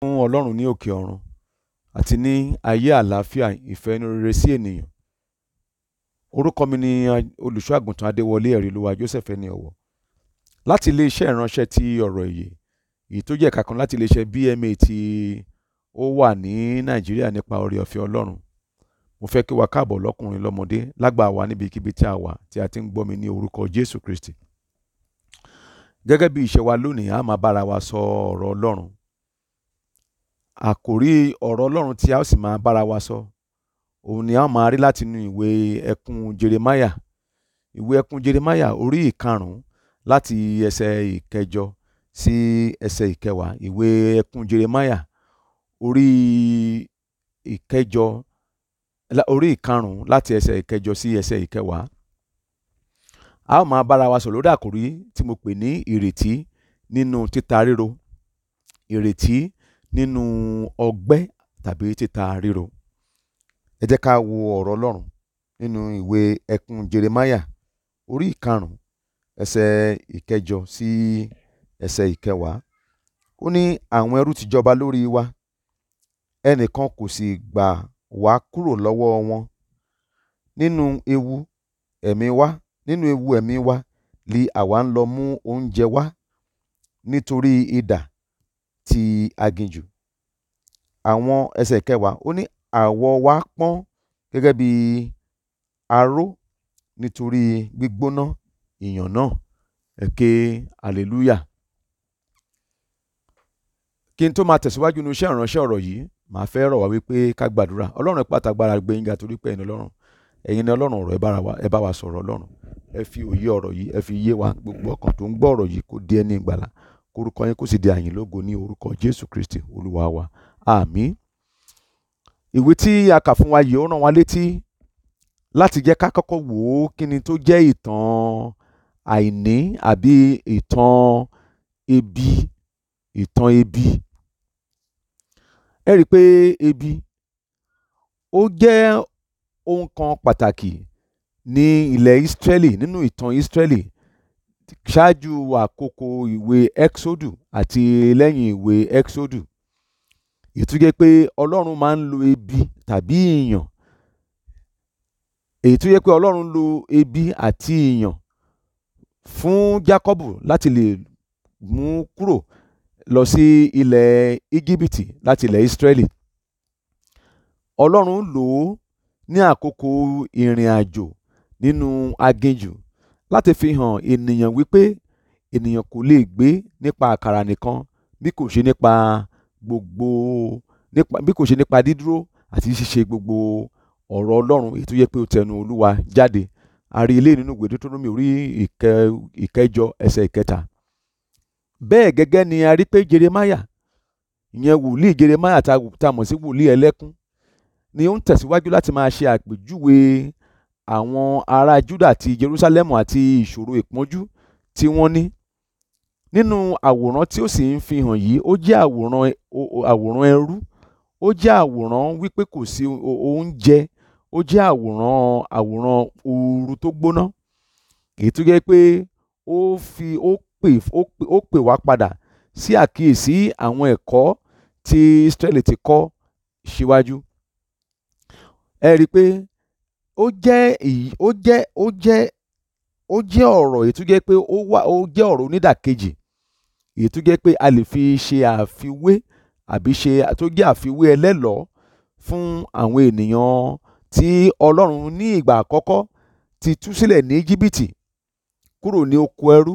fún ọlọ́run ní òkè ọ̀run àti ní ayé àlàáfíà ìfẹ́ inú rere sí ènìyàn orúkọ mi ni olùṣọ́ àgùntàn adéwọlé ẹ̀rí olúwa joseph ẹni ọ̀wọ̀ láti iléeṣẹ́ ìránṣẹ́ ti ọ̀rọ̀ èyè èyí tó jẹ́ ẹ̀ka kan láti iléeṣẹ́ bma tí ó wà ní nàìjíríà nípa oore ọ̀fẹ́ ọlọ́run mo fẹ́ kí wa káàbọ̀ lọ́kùnrin lọ́mọdé lágbàá wa níbikíbi tí a wà tí a ti ń gbọ́ mi ní orúkọ jésù kristi gẹ́gẹ́ bí ìṣe wa lónìí a máa bára wa sọ ọ̀rọ̀ ọlọ́run àkòrí ọ̀rọ̀ ọlọ́run tí a ó sì máa bára wa sọ òun ni a ó máa rí láti inú ìwé ẹkún jeremiah ìwé ẹkún jeremiah orí ìkarùn-ún láti ẹsẹ̀ ìkẹjọ sí ẹsẹ̀ ìkẹwàá ìwé ẹkún jeremiah orí ìkẹjọ orí ìkarùn-ún láti ẹsẹ̀ ìkẹjọ sí ẹsẹ̀ ìkẹwàá a ó máa bára wa sọ lórí àkòrí tí mo pè ní ìrètí nínú títa ríro ìrètí nínú ọgbẹ́ tàbí títa ríro. ẹ jẹ́ ká wo ọ̀rọ̀ ọlọ́run nínú ìwé ẹkún jeremáyà orí ìkarùn-ún ẹsẹ̀ ìkẹjọ sí ẹsẹ̀ ìkẹwàá ó ní àwọn ẹrú ti jọba lórí wa ẹnìkan kò sì gbà wá kúrò lọ́wọ́ wọn nínú ewu ẹ̀mí wa nínú ewu ẹ̀mí wa li àwa ń lọ mú oúnjẹ wá nítorí idà ti aginjù àwọn ẹsẹ̀ kẹwàá ó ní àwọ̀ wa pọ́n gẹ́gẹ́ bí aró nítorí gbígbóná ìyàn náà ẹ ké hallelujah kí n tó máa tẹ̀síwájú nínú iṣẹ́ ìránṣẹ́ ọ̀rọ̀ yìí màá fẹ́ rọ̀ wá wípé ká gbàdúrà ọlọ́run ipá tagbára gbé torí pé ẹni ọlọ́run ẹ̀yin ni ọlọ́run ọ̀rọ̀ ẹ bá wa sọ̀rọ̀ ọlọ́run ẹ fi òye ọ̀rọ̀ yìí ẹ fi yé wa gbogbo ọkàn tó ń gbọ́ ọ̀rọ̀ yìí kó di ẹni ìgbàlà Kórúkọ yín kó sì di àyìnlógo ní orúkọ Jésù Kristi Olúwa wa. Àmín. Ìwé tí a kà fún wa yìí ó rán wa létí láti jẹ́ ká kọ́kọ́ wò ó kí ni tó jẹ́ ìtàn àìní àbí ìtàn ebi ìtàn ebi ẹ rí i pé ebi ó jẹ́ ohun kan pàtàkì ní ilẹ̀ Ísírẹ́lì nínú ìtàn Ísírẹ́lì ṣáájú àkókò ìwé ẹ́xódù àti lẹ́yìn ìwé ẹ́xódù ìtújẹ́ pé ọlọ́run máa ń lo ebi tàbí ìyàn èyí tó yẹ pé ọlọ́run lo ebi àti ìyàn fún Jákọ́bù láti lè mú kúrò lọ sí ilẹ̀ íjíbítì láti ilẹ̀ Ísírẹ́lì ọlọ́run lò ó ní àkókò ìrìn àjò nínú aginjù láti fi hàn ènìyàn wípé ènìyàn kò lè gbé nípa àkàrà nìkan bí kò ṣe nípa gbogbo nípa bí kò ṣe nípa dídúró àti ṣíṣe gbogbo ọ̀rọ̀ ọlọ́run èyí tó yẹ pé ó tẹnu olúwa jáde a ilé nínú ìwé Deuteronomy orí ìkẹjọ ẹsẹ̀ ìkẹta bẹ́ẹ̀ gẹ́gẹ́ ni a rí pé Jeremáyà ìyẹn wòlíì Jeremáyà ta mọ̀ sí wòlíì ẹlẹ́kún ni ó ń tẹ̀síwájú láti máa ṣe àpèjúwe àwọn ará Júdà àti Jerúsálẹ́mù àti ìṣòro ìpọ́njú tí wọ́n ní nínú àwòrán tí ó sì ń fi hàn yìí ó jẹ́ àwòrán àwòrán ẹrú ó jẹ́ àwòrán wípé kò sí oúnjẹ ó jẹ́ àwòrán àwòrán ooru tó gbóná èyí tó jẹ́ pé ó fi ó pè ó pè wá padà sí àkíyèsí àwọn ẹ̀kọ́ tí Israẹli ti kọ́ síwájú ẹ rí i pé ó jẹ́ èyí ó jẹ́ ó jẹ́ ó jẹ́ ọ̀rọ̀ èyí tó jẹ́ pé ó wà ó jẹ́ ọ̀rọ̀ onídàkejì èyí tó jẹ́ pé a lè fi ṣe àfiwé àbí ṣe tó jẹ́ àfiwé ẹlẹ́lọ́ọ́ fún àwọn ènìyàn tí Ọlọ́run ní ìgbà àkọ́kọ́ ti tú sílẹ̀ ní Íjíbítì kúrò ní oko ẹrú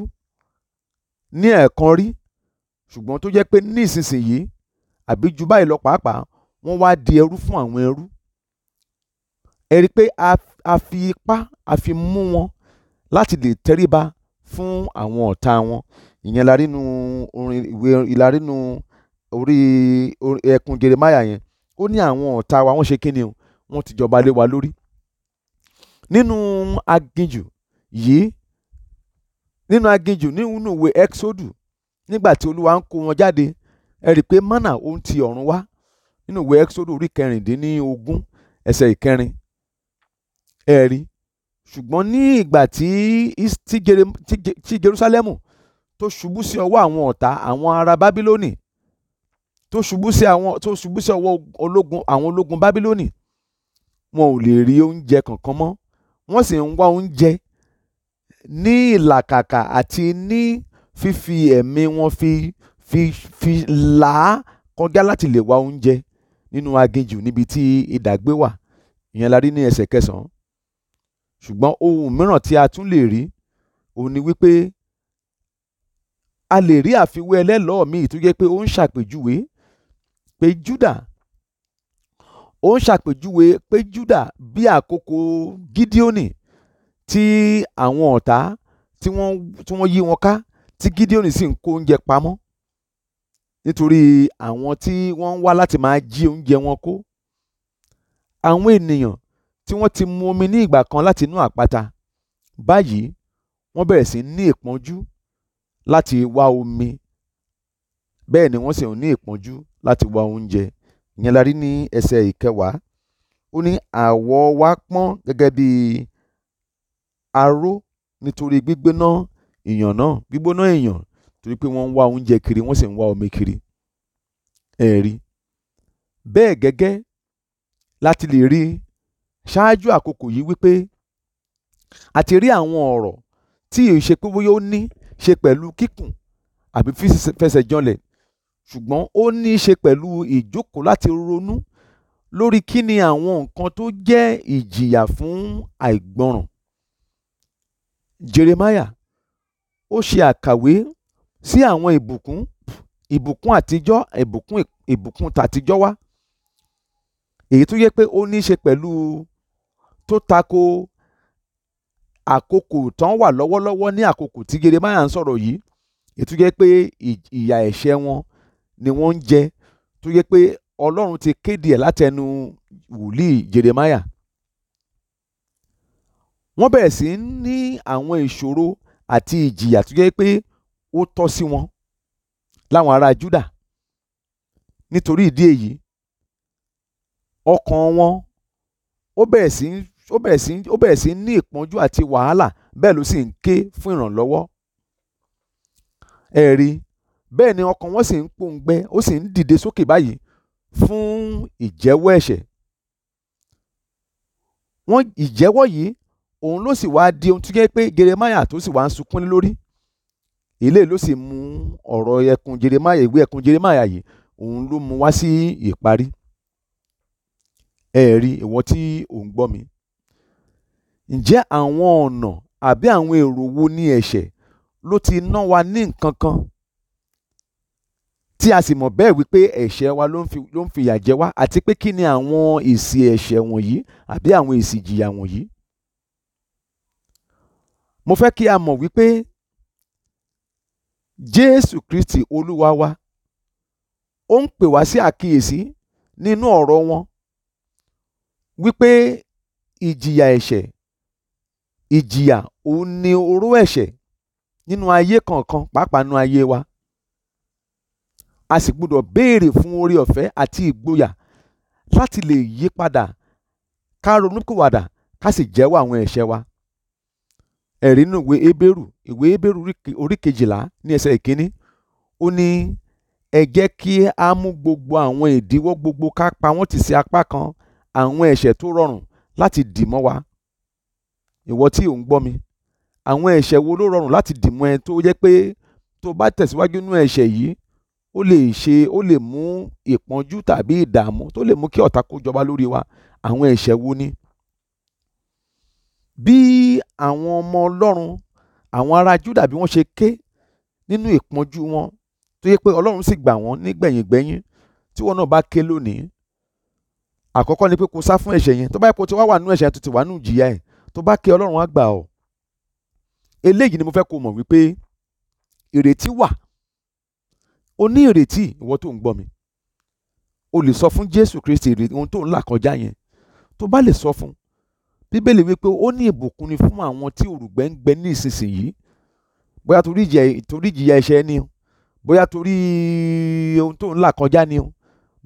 ní ẹ̀ẹ̀kan rí ṣùgbọ́n tó jẹ́ pé nísinsìnyí àbí ju báyìí lọ pàápàá wọ́n wá di ẹrú fún àwọn ẹrú ẹ rí i pé a fi ipá a fi mú wọn láti lè tẹríba fún àwọn ọ̀tá wọn ìyẹn la rí nu orin ìwé la rí nu orí ẹkùn Jeremáyà yẹn ó ní àwọn ọ̀tá wa wọ́n ṣe kíni o wọ́n ti jọba lé wa lórí nínú aginjù yìí nínú aginjù nínú ìwé exodu nígbà tí olúwa ń kó wọn jáde ẹ rí i pé mánà ó ti ọ̀run wá nínú ìwé exodu orí kẹrìndínlógún ẹsẹ̀ ìkẹrin ẹ̀rí ṣùgbọ́n ní ìgbà tí tí Jerúsálẹ́mù tó ṣubú sí ọwọ́ àwọn ọ̀tá àwọn ará Bábílónì tó ṣubú sí àwọn tó ṣubú sí ọwọ́ ológun àwọn ológun Bábílónì wọn ò lè rí oúnjẹ kankan mọ́ wọ́n sì ń wá oúnjẹ ní ìlàkàkà àti ní fífi ẹ̀mí wọn fi fi fi là á kọjá láti lè wá oúnjẹ nínú aginjù níbi tí idà wà ìyẹn la rí ní ẹsẹ̀ kẹsàn-án ṣùgbọ́n ohun mìíràn tí a tún lè rí òun ni wípé a lè rí àfiwé ẹlẹ́lọ́ọ̀ míì tó jẹ́ pé ó ń ṣàpèjúwe pé Júdà ó ń ṣàpèjúwe pé Júdà bí àkókò Gídíónì tí àwọn ọ̀tá tí wọ́n yí wọn ká tí Gídíónì sì ń kó oúnjẹ pamọ́ nítorí àwọn tí wọ́n ń wá láti máa jí oúnjẹ wọn kó àwọn ènìyàn tí wọ́n ti mu omi ní ìgbà kan láti inú àpáta báyìí wọ́n bẹ̀rẹ̀ sí ní ìpọ́njú láti wá omi bẹ́ẹ̀ ni wọ́n sì ń ní ìpọ́njú láti wá oúnjẹ ìyẹn la rí ní ẹsẹ̀ ìkẹwàá ó ní àwọ̀ wa pọ́n gẹ́gẹ́ bí aró nítorí gbígbóná èèyàn náà gbígbóná èèyàn torí pé wọ́n ń wá oúnjẹ kiri wọ́n sì ń wá omi kiri ẹ̀rí bẹ́ẹ̀ gẹ́gẹ́ láti lè rí ṣáájú àkókò yìí wípé a ti rí àwọn ọ̀rọ̀ tí èyí ṣe pé bóyá ó ní ṣe pẹ̀lú kíkùn àbí fẹsẹ̀ janlẹ̀ ṣùgbọ́n ó ní í ṣe pẹ̀lú ìjókòó láti ronú lórí kí ni àwọn nǹkan tó jẹ́ ìjìyà fún àìgbọràn Jeremiah ó ṣe àkàwé sí àwọn ìbùkún ìbùkún àtijọ́ ìbùkún ìbùkún tàtijọ́ wá èyí tó yẹ pé ó ní ṣe pẹ̀lú tó tako àkókò tán wà lọ́wọ́lọ́wọ́ ní àkókò tí Jeremáyà ń sọ̀rọ̀ yìí ètò jẹ́ pé ìyà ẹ̀ṣẹ̀ wọn ni wọ́n ń jẹ tó jẹ́ pé Ọlọ́run ti kéde ẹ̀ látẹnu wòlíì Jeremáyà wọ́n bẹ̀rẹ̀ sí ní àwọn ìṣòro àti ìjìyà tó jẹ́ pé ó tọ́ sí wọn láwọn ará Júdà nítorí ìdí èyí ọkàn wọn ó bẹ̀rẹ̀ sí ó bẹ̀rẹ̀ sí ó bẹ̀rẹ̀ sí ní ìpọ́njú àti wàhálà bẹ́ẹ̀ ló sì ń ké fún ìrànlọ́wọ́ ẹ̀rí bẹ́ẹ̀ ni ọkàn wọn sì ń pòǹgbẹ ó sì ń dìde sókè báyìí fún ìjẹ́wọ́ ẹ̀ṣẹ̀ wọ́n ìjẹ́wọ́ yìí òun ló sì wá di ohun tó jẹ́ pé Jeremáyà tó sì wá ń sunkún lórí ilé ló sì mú ọ̀rọ̀ ẹkùn Jeremáyà ìwé ẹkùn Jeremáyà yìí òun ló mú wá sí ìparí ẹ̀rí ìwọ tí ò gbọ́ mi ǹjẹ́ àwọn ọ̀nà àbí àwọn èrò wo ni ẹ̀ṣẹ̀ ló ti ná wa ní nǹkan kan tí a sì mọ̀ bẹ́ẹ̀ wípé ẹ̀ṣẹ̀ wa ló ń fi ló ń fìyà jẹ wá àti pé kí ni àwọn èsì ẹ̀ṣẹ̀ wọ̀nyí àbí àwọn èsì ìjìyà wọ̀nyí. mo fẹ́ kí a mọ̀ wípé Jésù Kristi Olúwa wa ó ń pè wá sí àkíyèsí nínú ọ̀rọ̀ wọn wípé ìjìyà ẹ̀ṣẹ̀ ìjìyà òun ni oró ẹ̀ṣẹ̀ nínú ayé kọ̀ọ̀kan pàápàá nínú ayé wa a sì gbọ́dọ̀ béèrè fún oore ọ̀fẹ́ àti ìgboyà láti lè yí padà ká ronúpìwàdà ká sì jẹ́wọ́ àwọn ẹ̀ṣẹ̀ wa ẹ̀rí nínú ìwé Hébérù ìwé Hébérù orí kejìlá ní ẹsẹ̀ ìkíní ó ní ẹ jẹ́ kí a mú gbogbo àwọn ìdíwọ́ gbogbo ká pa wọ́n tì sí apá kan àwọn ẹ̀ṣẹ̀ tó rọrùn láti dì mọ́ wa ìwọ tí ò ń gbọ́ mi àwọn ẹ̀ṣẹ̀ wo ló rọrùn láti dìmọ́ ẹ tó jẹ́ pé tó bá tẹ̀síwájú nínú ẹ̀ṣẹ̀ yìí ó lè ṣe ó lè mú ìpọ́njú tàbí ìdààmú tó lè mú kí ọ̀tá kó jọba lórí wa àwọn ẹ̀ṣẹ̀ wo ni. bí àwọn ọmọ ọlọ́run àwọn ará Júdà bí wọ́n ṣe ké nínú ìpọ́njú wọn tó yẹ pé ọlọ́run sì gbà wọ́n nígbẹ̀yìngbẹ́yìn tí wọn náà bá ké lónìí àkọ́kọ́ ni pé kò sá fún ẹ̀ṣẹ̀ yẹn tó bá yẹ kó ti wá wà nínú ẹ̀ṣẹ̀ tó ti wà nínú ìjìyà yẹn tó bá ké ọlọ́run á gbà ọ́ eléyìí ni mo fẹ́ kó mọ̀ wípé ìrètí wà o ní ìrètí ìwọ tó ń gbọ́ mi o lè sọ fún Jésù Kristi ìrètí ohun tó ń là kọjá yẹn tó bá lè sọ fún Bíbélì wípé ó ní ìbùkún ni fún àwọn tí òrùngbẹ ń gbẹ ní ìsinsìnyí bóyá torí ìjìyà ẹ̀ṣẹ̀ ni o bóyá torí ohun tó ń là kọjá ni o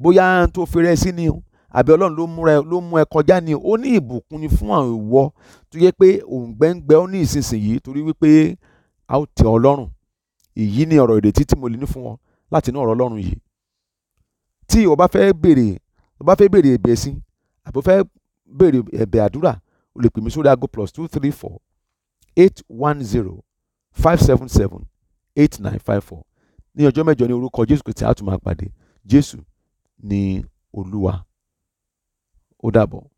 bóyá tó fẹ́rẹ̀ sí ni o àbí ọlọ́run ló múra ló mú ẹ kọjá ni ó ní ìbùkún ni fún àwọn ìwọ tó yẹ pé òǹgbẹ́ǹgbẹ́ ó ní ìsinsìnyí torí wípé a ó tẹ ọlọ́run èyí ni ọ̀rọ̀ ìrètí tí mo lè ní fún ọ láti inú ọ̀rọ̀ ọlọ́run yìí tí o bá fẹ́ béèrè o bá fẹ́ béèrè ẹ̀bẹ̀ sí àbí o fẹ́ béèrè ẹ̀bẹ̀ àdúrà o lè pè mí sórí aago plus two three four eight one zero five seven seven eight nine five four ní ọjọ́ mẹ́jọ ní orúkọ Jésù Kristi a tún Jésù ni Olúwa. o double.